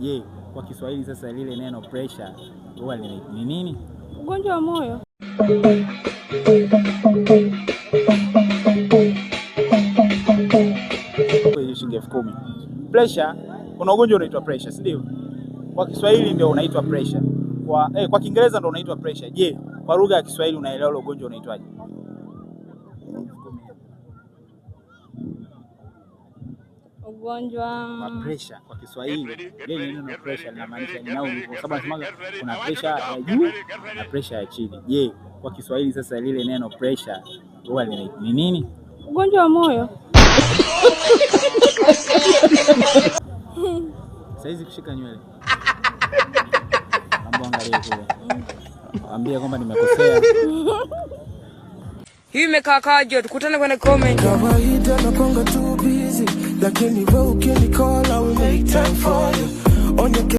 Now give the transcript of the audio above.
Je, kwa Kiswahili sasa lile neno pressure huwa ni nini? Ugonjwa wa moyo. Shilingi elfu kumi. Pressure, kuna ugonjwa unaitwa pressure, si ndio? Kwa Kiswahili ndio unaitwa pressure. Kwa eh, kwa Kiingereza ndio unaitwa pressure. Je, kwa lugha ya Kiswahili unaelewa ule ugonjwa unaitwaje? ugonjwa wa mm. presha kwa Kiswahili. Lile neno na presha linamaanisha ni nauli, kwa sababu anasemaga kuna presha ya juu na presha ya chini. Je, kwa Kiswahili sasa lile neno presha huwa ni nini? Ugonjwa wa moyo. Saizi kushika nywele, ambia kwamba nimekosea. Hii imekaa kaje? Tukutane kwenye comment. Like any road, any call, I will make time for